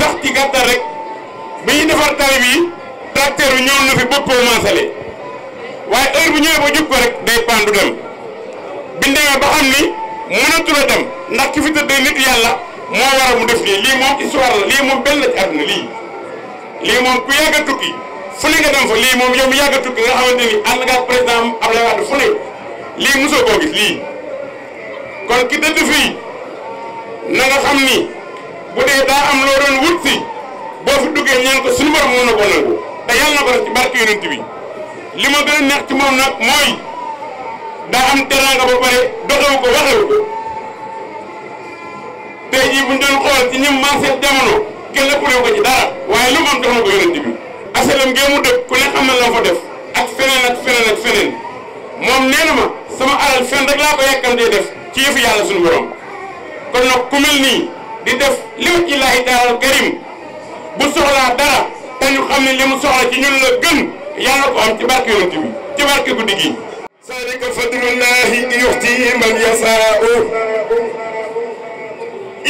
sax ci gàttal rek bi ñuy defar tali bi tracteur bi ñëw na fi bopp koo maasale waaye heure bu ñëwee ba jub ko rek day pandu dem biñ demee ba xam ni mënatu dem ndax ki fi tëddee nit yàlla moo waral mu def lii moom histoire la lii moom benn la ci àdduna lii. lii moom ku yàgg a tukki fu ne nga dem fa lii moom yow mi yàgg a tukki nga xamante ni ànd nga président Abdoulaye Wade fu ne lii mosoo koo gis lii kon ki dëdd fii na nga xam ni. bu dee daa am loo doon wut si boo fi duggee ñaan ko suñu borom mën na ko nangu te yàlla na ko def ci barke yonent bi li ma gën a neex ci moom nag mooy daa am teraanga ba pare doxewu ko waxewu ko tey jii bu ñu doon xool ci ñim marché jamono kenn ëppalewu ko ci dara waaye lu mu am jox na ko yonent bi asalam ngeen mu dëkk ku ne xam na la fa def ak feneen ak feneen ak feneen moom nee na ma sama alal fen rek laa ko yàkkam dee def ci yëfu yàlla di def li ilaahi daaral karim bu soxlaa dara te ñu xam ne li mu soxla ci ñun la gën yàlla ko am ci barke yonent ci barke guddi gi zalika fadlullahi yuxtihi man yasaa'u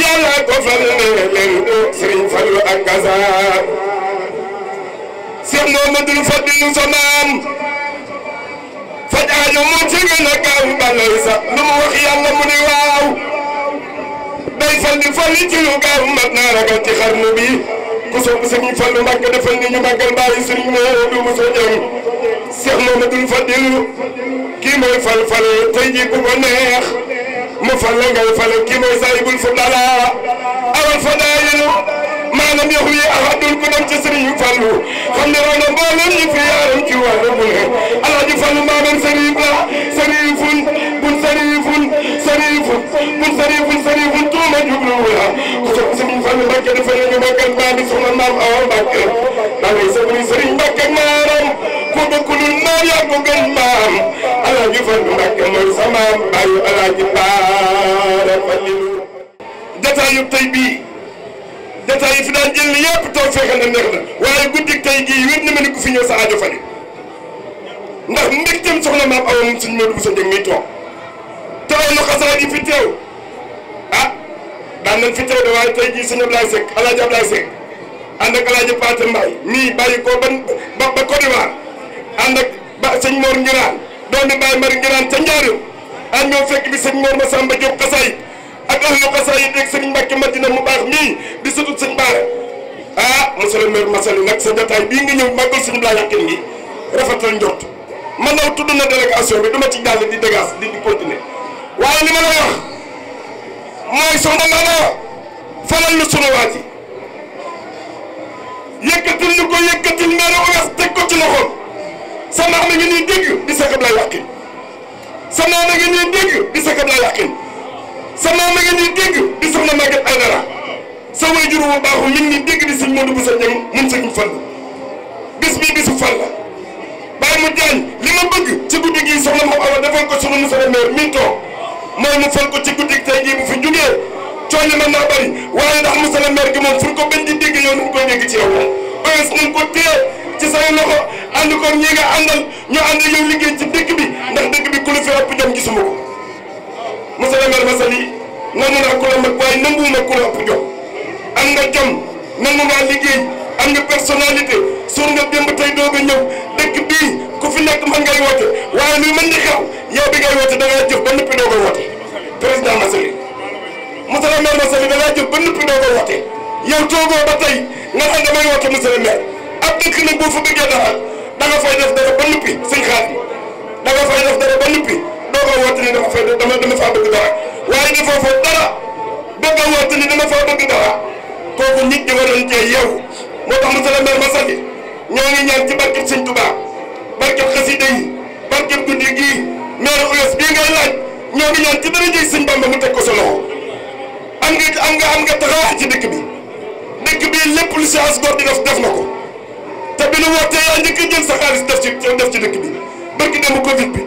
yàlla ko fal ne leen sëriñ Fallu ak Gazaar Seex Muhammadul Fadilu sa maam faj aajo moo ci gën a gaaw balay lu mu wax yàlla mu ne waaw day fal di fal ci lu gaaw mat naa ragal ci xarnu bi ku soog sëriñ Fallu Mbàkke defal ni ñu màggal bàyyi sëriñ Moodu Musa Jeng Seex Mamadul Fadil kii mooy fal fal tey jii ku ko neex mu fal la ngay fal kii mooy saayibul fudala awal fadaayil maanaam yow yi ahadul ku dem ci sëriñ Fallu xam ne raw na mboolem fi yaaram ci wàllu bu ne Alaaji Fallu maanaam sëriñ biha soxna si biir Fane Mbacke dafa yéene Mbacke maa di soxna maam Awa Mbacke maa ngi sëbëri sëriñ Mbacke maaram ku dëkkulul naar yaa ko gën maam alaaji Fane Mbacke mooy sa maam bàyyi alaaji baara Falilu jataayu tey bii jataay yi fi daan jël yëpp taw fexe na neex na waaye guddi tey gii wér na ma ni ku fi ñëw sa aajo faj ndax mbégteem soxna maam Awa moom suñu Modou Bousso Dieng mi toog te ay loxo saa yi fi teew ah. daan nañ fi teew de waaye tey jii sëñ Abdoulaye Seck El Hadj Abdoulaye Seck ànd ak El Hadj Pate Mbaye mii bàyyi ko ban ba ba Côte d'Ivoire ànd ak ba sëñ Mor Ngiraan doomi Baye Mari Ngiraan ca Njaaréew ànd ñoo fekk bi sëñ Mor Massamba Diop Kassaye ak ahlu Kassaye yi dégg sëñ Mbacke Madina mu baax mii di sutut sëñ Baara ah monsieur le maire Massali nag sa jotaay bii nga ñëw màggal sëñ Abdoulaye Yakhine gi rafetal njort man naw tudd na délégation bi duma ci jàll di dégas di di continuer waaye li ma lay wax mooy soxna Nana falal lu sunu waa ji yëkkatil ñu ko yëkkatil maire Ogas teg ko ci loxoom sa maam na ngi ñuy dégg di sa xab lay yàqin sa maam na ngi ñuy dégg di sa xab lay yàqin sa maam na ngi dégg di soxna Maguette Aydara sa wayjur bu baaxu mi dégg di sëñ Modou Boussa Dieng mun sëñ Fall bis bii bisu Fall la bàyyi mu jaañ li ma bëgg ci guddi gii soxna Mame Awa defal ko sunu monsieur le maire mi ngi mooy mu fal ko ci guddi tey jii bu fi jugee coono mën naa bëri waaye ndax monsieur le moom fu ko bañ di yow nañu koy dégg ci yow moom nañ ko téye ci say bi ndax dëkk bi ku la fi ëpp jom gisuma ko monsieur le maire Massaly nangu naa ku la mag waaye a ngay woote waaye luy mën di xew yow bi ngay woote da ngaa jëf ba noppi doo koy woote président Massaly monsieur le maire Massaly da ngaa jëf ba noppi doo koy woote yow toogoo ba tey nga xam damay woote monsieur le maire ab dëkk nag boo fa bëggee dara da nga fay def dara ba noppi sëñ xaar da nga fay def dara ba noppi doo koy woote ni dama fay dama dama faa bëgg dara waaye defoo fa dara bëgg a woote dama faa bëgg dara kooku nit ñi waroon cee yow moo tax monsieur le maire Massaly ñoo ngi ñaan ci barkeb sëñ Touba barkeb xasida yi barkeb guddi gii meeru Olos bii ngay laaj ñoo ngi ñaan ci dara jëy sëñ Bamba mu teg ko sa loxo am nga am nga am taxawaay ci dëkk bi dëkk bi lépp lu si as di def def na ko te bi nu wootee yaa njëkk a jël sa xaalis def ci def ci dëkk bi barki demu Covid bi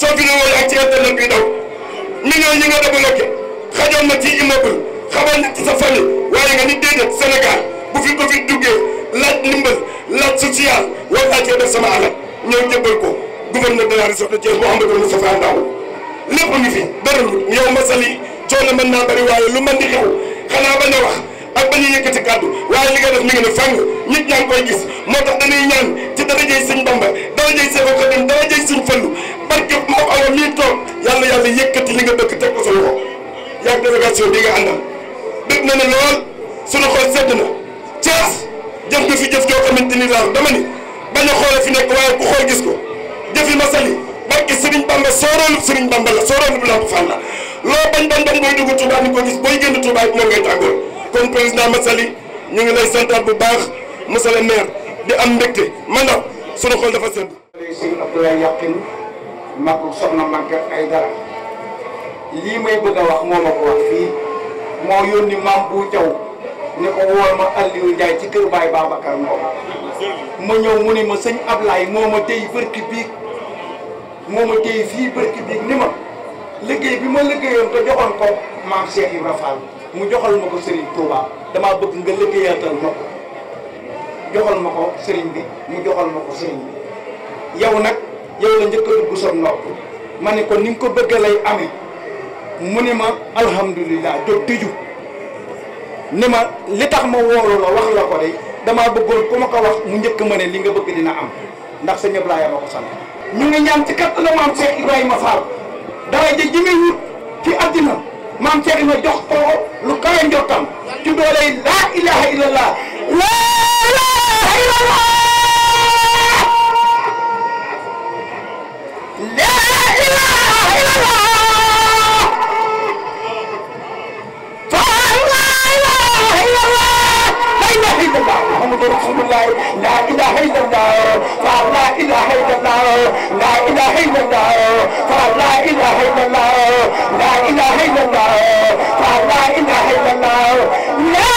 soo fi ñu wooyee ak ci internet bi daw millions yi nga débloqué xajoon na ci immeuble xamal na ci sa famille waaye nga ni déedéet Sénégal bu fi Covid duggee laaj ndimbal laaj social war naa cee def sama alal ñëw jébbal ko. gouverneur de la région de Thiès Mouhamadou Moustapha Ndaw lépp ngi fi dara lu yow masali coono mën naa bëri waaye lu mën di xew xanaa bañ a wax ak bañ a yëkkati kàddu waaye li nga def mi ngi ne fàng koy gis moo tax dañuy ñaan ci darajey sëñ Bamba darajey Seexu Xaadim darajey sëñ Fallu barke moo awa mii toog yàlla yàlla yëkkati li nga bëgg teg ko sa loxo yaag délégation bi nga àndal dégg na ne lool suñu xol sedd na Thiès jëf nga fi jëf joo xamante ni daal dama a xoole fi nekk waaye ku ko jëf yi ma sali barke Serigne Bamba sooroolu Serigne Bamba la sooroolu bu Lamp Fall la loo bañ bañ bañ booy dugg Touba ni ko gis booy génn Touba bu baax monsieur le di am mbégte man daal dafa sedd. Serigne Abdoulaye Yaqin mag soxna Maguette ay dara lii may bëgg a wax moo ma ko wax fii moo yónni maam bu Jaw ni ko wool ma Aliou Ndiaye ci kër baa Babacar Ngom ma ñëw mu ni ma sëñ Ablaye moo ma tey barki bii. moo ma téye fii barki bi ni ma liggéey bi ma liggéeyoon te joxoon ko maam Cheikh Ibra mu joxal ma ko Serigne Touba damaa bëgg nga liggéeyaatal ma ko joxal ma ko Serigne bi mu joxal ma ko Serigne bi yow nag yow la njëkk a dugg sa ma ne ko ni nga ko bëgg lay amee mu ni ma alhamdulilah jóg tëju ni ma li tax ma woolu la wax la ko de damaa bëggoon ku ma ko wax mu njëkk ma ne li nga bëgg dina am ndax sa ñëpp laa ko sant ñu ngi ñaan ci kattanu maam Cheikh Ibrahima Fall daraja ji muy wut ci àddina maam Cheikh Ibrahima jox ko lu kawe njottam ci doole yi laa ilaha illallah laa ilaha illallah la ilaha illallah الا الله لا اله الا الله لا اله الا الله لا اله الا الله لا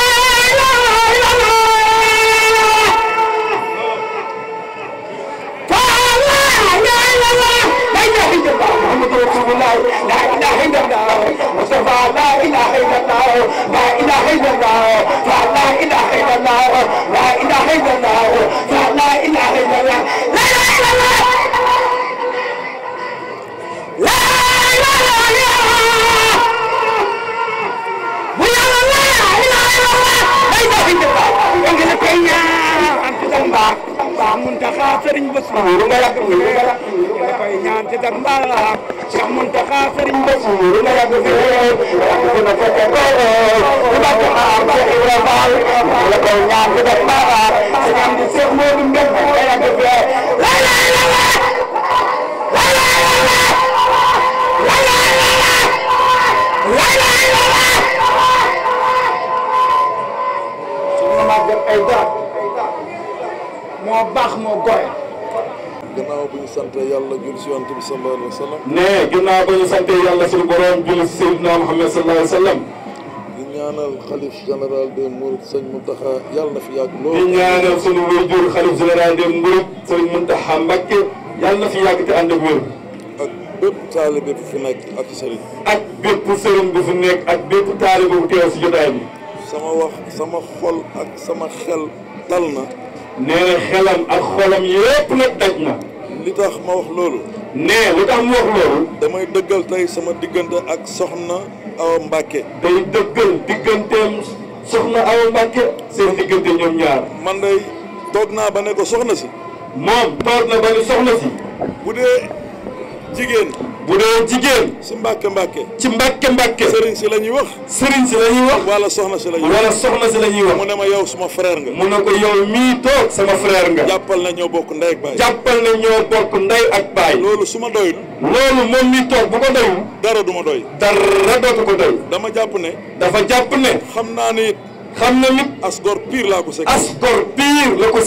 رسول الله لا اله الا الله مصطفى لا اله الا الله لا اله الا الله لا اله الا الله لا اله الا الله لا اله الا الله لا اله الا الله Bassirou nga yàgg fi nga yàgg fi nga koy ñaan ci kat mbaax Cheikh Mountakha Serigne Bassirou nga yàgg fi yàgg fi nga fekk ko ba ko xaar Cheikh Ibrahima Fall la koy ñaan ci kat mbaax ci ñaan di Cheikh Modou Mbeng nga yàgg fi la la la la la la la la la la la moo baax moo gore gannaaw bu ñu sant yàlla julli si yonent bi sallallahu alayhi wa sallam. ne gannaaw bu ñu sant yàlla suñu borom julli si Seydina Muhammad sallallahu alayhi wa sallam. di ñaanal xalif général des Mourides sëñ Mountakha yàlla na fi yàgg lool. di ñaanal suñu wéjur xalif général des Mourides sëñ Mountakha Mbacké yàlla na fi yàgg te ànd ak wér. ak bépp taalibe bu fi nekk ak sëriñ. ak bépp sëriñ bu fi nekk ak bépp taalibe bu teew si jotaay bi. sama wax sama xol ak sama xel dal na. nee na xelam ak xolam yépp nag daj na. li tax ma wax loolu. nee lu tax ma wax loolu. damay dëggal tey sama diggante ak soxna Awa Mbacke. day dëggal digganteem soxna Awa Mbacke. seen diggante ñoom ñaar. man day toog naa ba ne ko soxna si. moom toog na ba ne soxna si. bu dee jigéen. bu dee jigéen. ci mbàkke mbàkke. ci mbàkke mbàkke. sëriñ si la ñuy wax. sëriñ si la wax. wala soxna si la ñuy wax wala soxna si la ñuy wax. mu ne ma yow suma frère nga. mu ne ko yow mii toog sama frère nga. jàppal na ñoo bokk ndey ak baay. jàppal na ñoo bokk ndey ak baay. loolu suma ma doyul. loolu moom mi toog bu ko doyul. dara duma ma doy. dara dootu ko doy. dama jàpp ne. dafa jàpp ne. xam naa ni xam na nit as gor pire laa ko sekkal. as gor pire la ko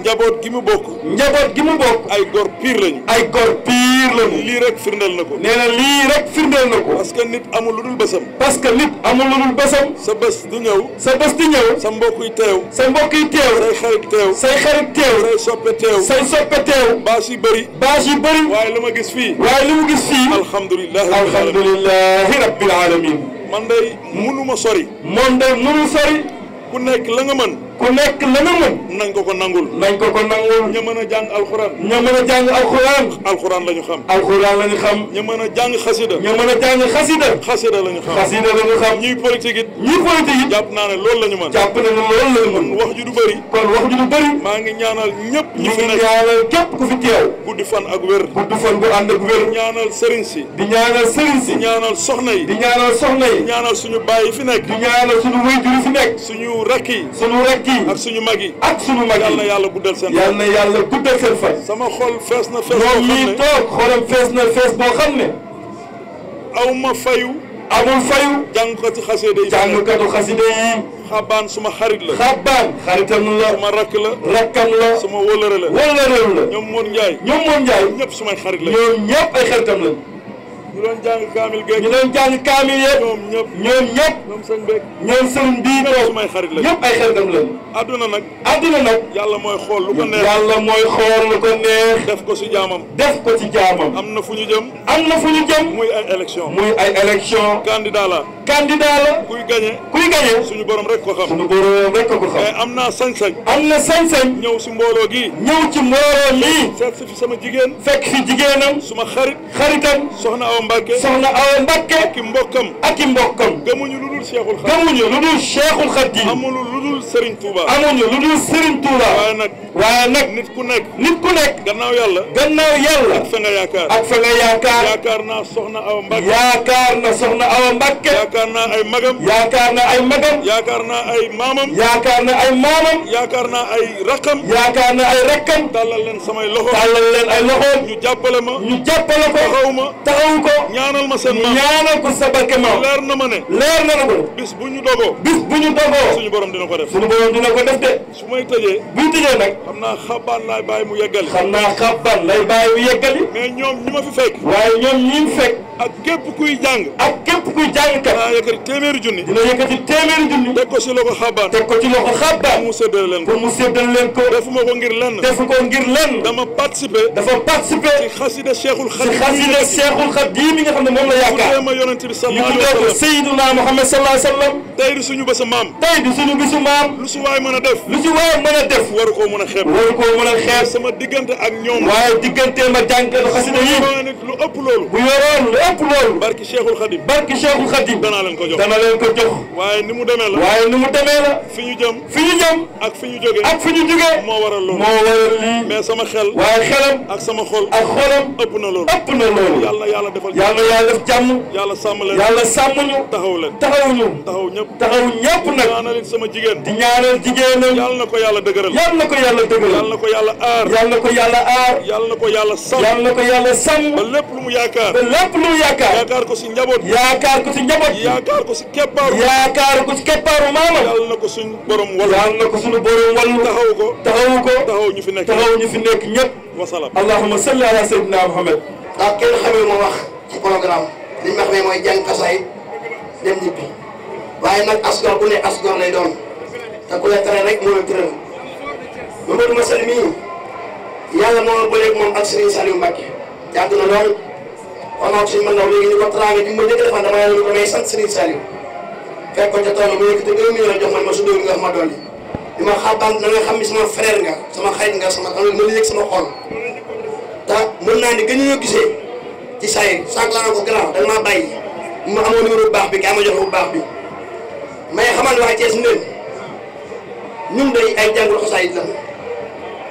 njaboot gi mu bokk. njaboot gi mu bokk. ay gor pire lañu. ay gor pire lañu. lii rek firndeel na ko. nee na lii rek firndeel na ko. parce que nit amul lu dul bésam. parce que nit amul lu dul bésam. sa bés du ñëw. sa bés du ñëw. sa mbokk yi teew. sa mbokk yi teew. say xarit teew. say xarit teew. say soppe teew. say yu bëri. bâche yu bëri. waaye li ma gis fii. waaye li mu gis fii. alhamdulilah alhamdulilah rabbil alamin man day munuma sori. moom day munu sori. ku nekk la nga mën. ku nekk la nga mën. nañ ko ko nangul. nañ ko ko nangul. ña mën a jàng alxuraan. ña a jàng alxuraan. alxuraan la ñu xam. alxuraan la ñu xam. ña mën a jàng xasida. ña a jàng xasida. xasida la ñu xam. xasida la ñu xam. ñuy politique it. jàpp naa ne loolu mën. jàpp na ne loolu mën. wax ju du bëri. kon wax ju du bëri. maa ngi ñaanal ñëpp. ñu fi nekk ñaanal képp ku fi teew. guddi fan ak wér. guddi fan bu ànd ak wér. ñaanal sëriñ si. di ñaanal sëriñ si. di ñaanal soxna yi. di ñaanal soxna yi. yi fi nekk. di ñaanal suñu wayjur yi fi ak suñu mag yi ak suñu mag yi yal na yàlla guddal seen yal na yàlla guddal seen sama xol fees na fees moom mii toog xolam boo xam ne aw ma fayu amul fayu jàngkatu xaside yi jàngkatu xaside yi xabaan suma xarit la xabaan xaritam la ma rakk la rakkam la suma wólëre la wólëre la ñoom moon njaay ñoom moon njaay ñëpp sumay xarit la ñoom ñëpp ay xaritam la ñu doon jàng kaamil géej ñu doon jàng kaamil yëpp ñoom ñëpp ñoom ñëpp ñoom sëñ bi ñoom sëñ bii toog sumay xarit la ñëpp ay xaritam lañu adduna nag adduna nag yàlla mooy xool lu ko neex yàlla ko def ko ci jaamam def ko ci jaamam am na fu ñu jëm am na fu ñu jëm. muy ay élection muy ay élection candidat la. candidat la. kuy gagné. kuy gagné. suñu borom rek ko xam. suñu borom rek ko xam. mais eh, am naa sañ-sañ. am na sañ-sañ. ñëw si mbooloo gii. ñëw ci mbooloo mii. seet fi sama jigéen. fekk fi jigéenam. su ma xaritam. soxna Awa Mbacke. soxna Awa Mbacke. ak mbokkam. ak i mbokkam. gëmuñu lu dul Cheikhul Khadim. gëmuñu lu dul Cheikhul Khadim. amuñu lu lu dul Serigne Touba. waaye nag. waaye nag nit ku nekk. nit ku nekk. gannaaw yàlla. gannaaw yàlla. ak fa nga yaakaar. ak fa nga yaakaar Sarr yaakaar naa soxna Awa Mbacke yaakaar na soxna Awa Mbacke yaakaar naa ay magam yaakaar na ay magam yaakaar naa ay maamam yaakaar na ay maamam yaakaar naa ay rakam yaakaar na ay rakam tàllal leen samay loxo tàllal leen ay loxo ñu jàppale ma ñu jàppale ko taxaw ma taxaw ko ñaanal ma seen maam ñaanal ko sa barke maam leer na ma ne leer na na ko bis bu ñu dogoo bis bu ñu dogoo suñu borom dina ko def suñu borom dina ko def de su may tëjee buy tëjee nag xam naa xabaan laay bàyyi mu yeggali xam naa xabaan lay bàyyi mu yeggali mais ñoom ñi ma fi fekk waaye ñoom ñi fekk. ak képp kuy jàng. ak képp kuy jàng kat. dinaa yëkkati téeméeri junni. dina yëkkati téeméeri junni. teg ko ci loxo xabaan. teg ko ci loxo xabaan. pour mu séddale leen ko. pour mu séddale leen ko. defuma ko ngir lenn. defu ko ngir lenn. dama participer. dafa participer. ci xasida Cheikhul Khadim. ci xasida mi nga xam ne moom la yaakaar. mu dee ma yonent bi sallallahu alayhi wa sallam. mu dee ko Seydina wa sallam. tey di suñu bésu maam. lu si waay mën a def. lu si waay mën a def. waru koo mën a xeeb. a sama diggante ak ñoom. waaye digganteem ak jàngkatu loolu bu yoroon lu ëpp loolu barki Cheikhul Khadim barki Cheikhul Khadim dana leen ko jox dana leen ko jox waaye ni mu demee la waaye ni mu demee la fi ñu jëm fi ñu jëm ak fi ñu jógee ak fi ñu jógee moo waral loolu moo waral lii mais sama xel waaye xelam ak sama xol ak xolam ëpp na loolu ëpp na loolu yàlla na yàlla defal yàlla na yàlla def jàmm yàlla sàmm leen yàlla sàmm ñu taxaw leen taxaw ñu taxaw ñëpp taxaw ñëpp nag ñaanal sama jigéen di ñaanal jigéenam yàlla na ko yàlla dëgëral yàlla na ko yàlla dëgëral yàlla na ko yàlla aar yàlla na ko yàlla aar yàlla na ko yàlla sàmm yàlla na ko yàlla sàmm ba lépp lu mu yaakaar ba lépp lu yaakaar yaakaar ko si njaboot yaakaar ko si njaboot yaakaar ko si keppaaru yaakaar ko si keppaaru maama yàlla na ko suñu borom wàllu yàlla na ko suñu borom wàllu taxaw ko taxaw ko taxaw ñu fi nekk taxaw ñu fi nekk ñëpp wasalaam allahumma salli ala sayyidina muhammad ak kenn xamee ma wax ci programme li ñu wax ne mooy jàng kasaay dem ñibbi waaye nag asgor bu ne asgor lay doon te ku la tere rek moo la tëral Mamadou Masal mii yàlla moo bëleeg moom ak Serigne Saliou Mbacke yàgg na lool amaat suñu mën ndaw léegi ñu ko traité bi ma njëkk a defal dama yàlla ñu ko may sant Serigne Saliou fekk ko ca tool mu yëkkati deux millions jox man ma su dóor nga ma dolli di ma xabaan da nga xam ni sama frère nga sama xarit nga sama xam nga ma yëg sama xol te mën naa ni gën ñoo gisee ci saa yi sànq laa ko grand danga maa bàyyi ma amoon numéro bu baax bi gaa ma jox bu baax bi may xamal waa Thiès ñu leen ñun day ay jàngul xasaayit la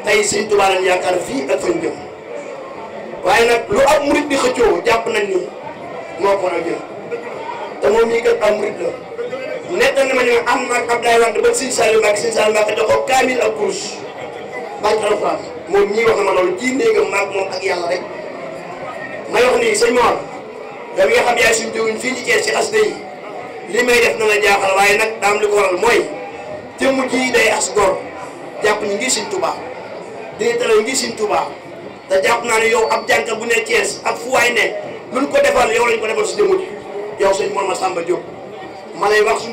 tey Sëñ Tuubaa lañ yaakaar fii ak fañ jëm waaye nag lu am murit di xëccoo jàpp nañ ni moo ko war a jël te moom mii kat am murit la nekk na ma ne ma am naag Abdoulaye Wade ba Sine Saalum Mbacké Sine Saalum Mbacké kaamil ak kurus bàcc alxuraan moom ñii wax na ma loolu ci néegam maag moom ak yàlla rek ma wax nii sëñ Mor da nga xam yaay suñu jóguñ fii ci si as xasida yi li may def na la jaaxal waaye nag daam li ko waral mooy jëmm ji day as gor jàpp ñu ngi Sëñ Tuubaa day tëral ngi Sëñ te jàpp naa ne yow ab jànka bu ne Thiès ak fu waay ne luñ ko defal yow lañ ko defal si démb yow sëñ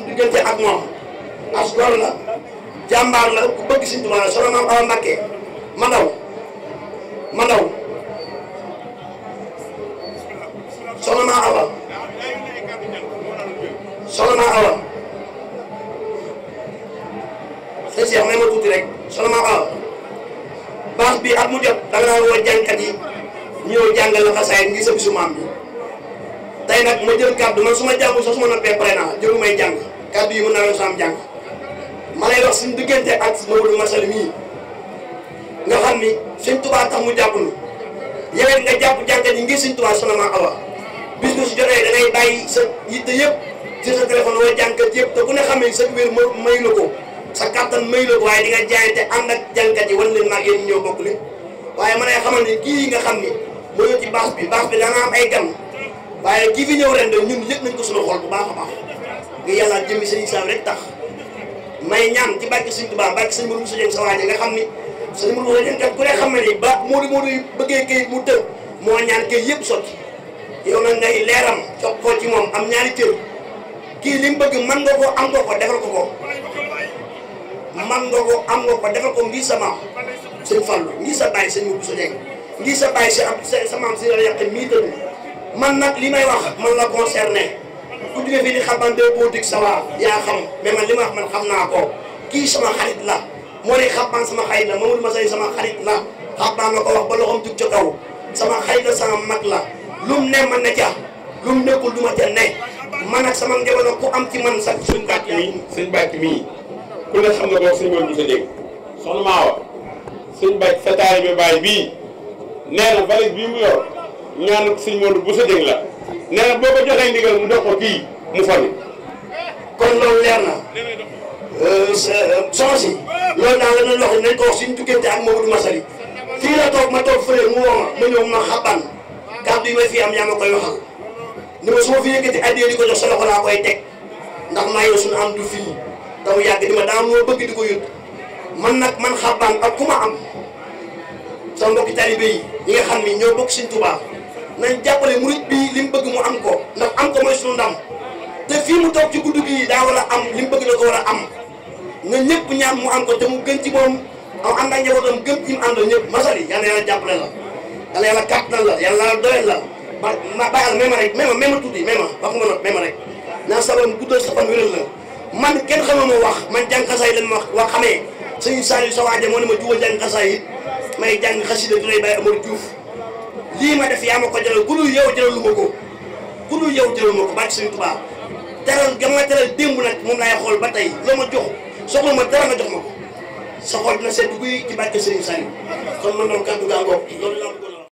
diggante ak moom a gor la jàmbaar la ku bëgg Sëñ Tuubaa la solo maam Awa Mbakke ma ndaw ma ndaw solo maa awa solo maa ma tuuti rek solo maa baax bi at mu jot da nga naan woo jàngkat yi ñëw jàngal la yi ngi sa bisu maam bi tey nag ma jël kàddu man su ma jàngul sax ma noppee pare naa jëlu may jàng kàddu yi mën su am jàng ma lay wax suñu diggante nga xam ni Sëñ Tuubaa tax mu jàpp nu yewet nga jàpp jàngkat yi ngir Sëñ Tuubaa soxna ma si jotee da ngay bàyyi sa yitte yëpp ci sa téléphone wala jàngkat yëpp te ku ne xam ne sa wér ma mayu ko sa kàttan may la waaye di nga jaayante ànd ak jànkat yi wan leen maag yéen ñëw bokk leen waaye ma lay ni kii nga xam ni mooy ci baax bi baax bi dana am ay gan waaye kii fi ñëw ren de ñun yëg nañ ko suñu xool bu baax a baax nga yàlla jëmmi sëñ Issa rek tax may ñaan ci bàkki sëñ Tuubaa bàkki sëñ Mourou Moussa Dieng sa waaje nga xam ni sëñ Mourou Moussa Dieng kat ku ne xam bëggee kayit mu moo ñaan kayit yëpp sotti yow nag ngay leeram jox ko ci moom am ñaari cër kii li mu bëgg mën nga ko am nga ko defal ko ko man nga am nga ko defal ko ngir sa maam sëñ Fallou ngir sa bàyyi sëñ Moussa si ngir sa bàyyi sa sa maam si man nag li may wax man la concerné ku jóge fii di xabante politique ça va yaa xam mais man li ma wax man xam naa ko kii sama xarit la moo ne xabaan sama xarit la Mamadou Massaye sama xarit la xabaan la ko wax ba loxoom jug ca kaw sama xarit la sama mag la lum ne man na ca lum nekkul du ma ca ne man ak sama njaboot ku am ci man sax suñu kàtt yi suñu bàtt mii ku ne xam na ko sëñ Modou Moussa Dieng soxna Maawa sëñ sa taay bi baay sëñ Modou Moussa Dieng la nee na boo ko ko kii mu fami kon loolu leer na euh, si loolu daal la doon wax nañ ko wax suñu diggante ak Mamadou Massaly fii la toog ma toog am yaa ma su ma fi laa koy teg ndax maa yow suñu am du fii tamu yàgg di ma daa moo bëgg di ko yót man nag man xabbaan ak ku ma am sama mbokki talibé yi ñi nga xam ni ñoo bokk Sëñ Tuubaa nañ jàppale murit bi li mu bëgg mu am ko ndax am ko mooy sunu ndam te fii mu toog ci guddi gi daa war a am li mu bëgg na ko war a am nga ñëpp ñaan mu am ko te mu gën ci moom am ànd ak njabootam gëm ci mu àndal ñëpp masali yàlla yàlla jàppale la yàlla yàlla kàttan la yàlla yàlla doyal la ba ma bàyyal même rek même même tuuti même nga ma même rek naa sa sa la man kenn xamuma wax man jàng xasaay lan ma wax xamee sëñ Saliou sa waaja moo ne ma juwa jàng xasaay it may jàng xasida du lay bàyyi Amar Diouf lii ma def yaa ma ko jaral ku dul yow jaralu ma ko ku dul yow jaralu ma ko bàcc sëñ Tuubaa teral ga ma teral démb nag moom laay xool ba tey loo ma jox soxla ma dara nga jox ma ko sa xool dina seet guy ci bàcc sëñ Saliou kon man doon kàddu gaa ngoog